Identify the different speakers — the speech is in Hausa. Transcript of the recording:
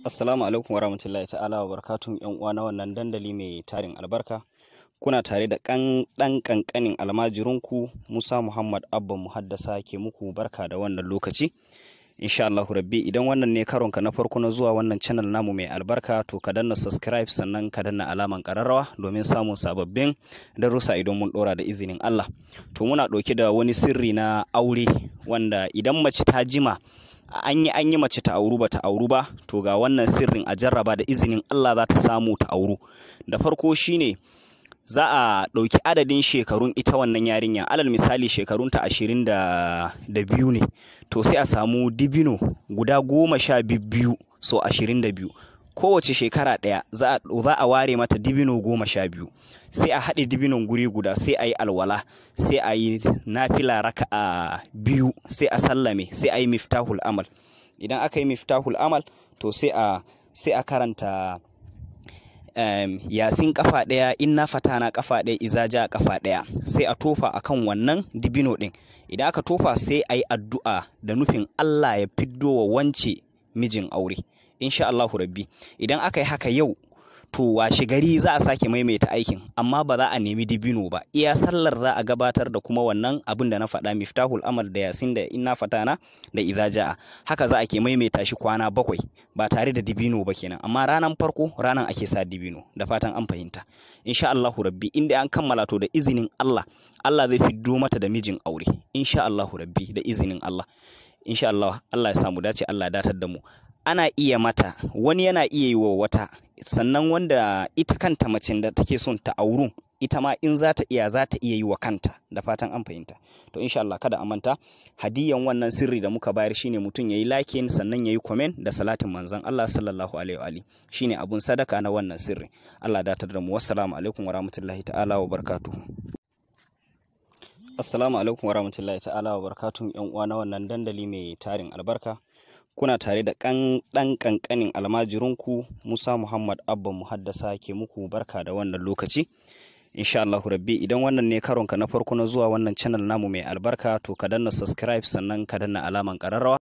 Speaker 1: Assalamu alaikum warahmatullahi ta'ala wa barakatun yan uwa na wannan dandali mai tarin albarka. Kuna tare da kan dan kankanin almajirinku Musa Muhammad Abba Muhaddasa ke muku barka da wannan lokaci. Insha Allah rabbi idan wannan ne karon ka na farko na zuwa wannan channel namu mai albarka to ka danna subscribe sannan ka danna alaman kararrawa domin samun sababbin darussa idan mun dora da izinin Allah. To muna dauke da wani sirri na aure wanda idan mace ta jima an yi an yi mace ta auru bata auru ba to ga wannan sirrin a jarraba da izinin Allah za ta samu ta auru da farko shine za a ɗauki adadin shekarun ita wannan yarinya alal misali shekarunta ashirin da biyu ne to sai a samu dibino guda goma sha biyu so ashirin da biyu kowace shekara ɗaya za a ware mata dibino goma sha biyu sai a haɗe dibinon guri guda sai a yi alwala sai a yi nafila raka a biyu sai a sallame sai a yi miftahul amal idan aka yi miftahul amal to sai a sai a karanta um, yasin kafa ɗaya in na fata na kafa ɗaya ja kafa ɗaya sai a tofa akan wannan dibino ɗin idan aka tofa sai a yi addu'a da nufin allah ya fiddo wa wance mijin aure insha Allahu rabbi idan aka yi haka yau to washe gari za a sake maimaita aikin amma ba za a nemi dibino ba iya sallar za a gabatar da kuma wannan abin da na faɗa miftahul amal da yasin da inna na da idza jaa haka za a ke maimaita shi kwana bakwai ba tare da dibino ba kenan amma ranan farko ranan ake sa dibino da fatan an fahimta insha Allahu rabbi inda an kammala to da izinin Allah Allah zai fiddo mata da mijin aure insha Allahu rabbi da izinin Allah insha Allah Allah ya samu dace Allah ya datar da mu ana iya mata wani yana iya yi wa wata sannan wanda ita kanta macin da take son ta auru ita ma in za ta iya za ta iya yi wa kanta da fatan an fahimta to insha Allah kada a manta hadiyan wannan sirri da muka bayar shine mutum yayi lakin sannan yayi comment da salatin manzon Allah sallallahu alaihi wa ali shine abun sadaka na wannan sirri Allah da da mu wassalamu alaikum wa rahmatullahi ta'ala wa barakatuh assalamu alaikum wa rahmatullahi ta'ala wa barakatuh yan uwa na wannan dandali mai tarin albarka kuna tare da ɗan ƙanƙanin almajirinku musa muhammad abba muhaddasa ke muku barka da wannan lokaci insha Allahu rabbi idan wannan ne karonka na farko na zuwa wannan channel namu mai albarka to ka danna subscribe sannan ka danna alaman ƙararrawa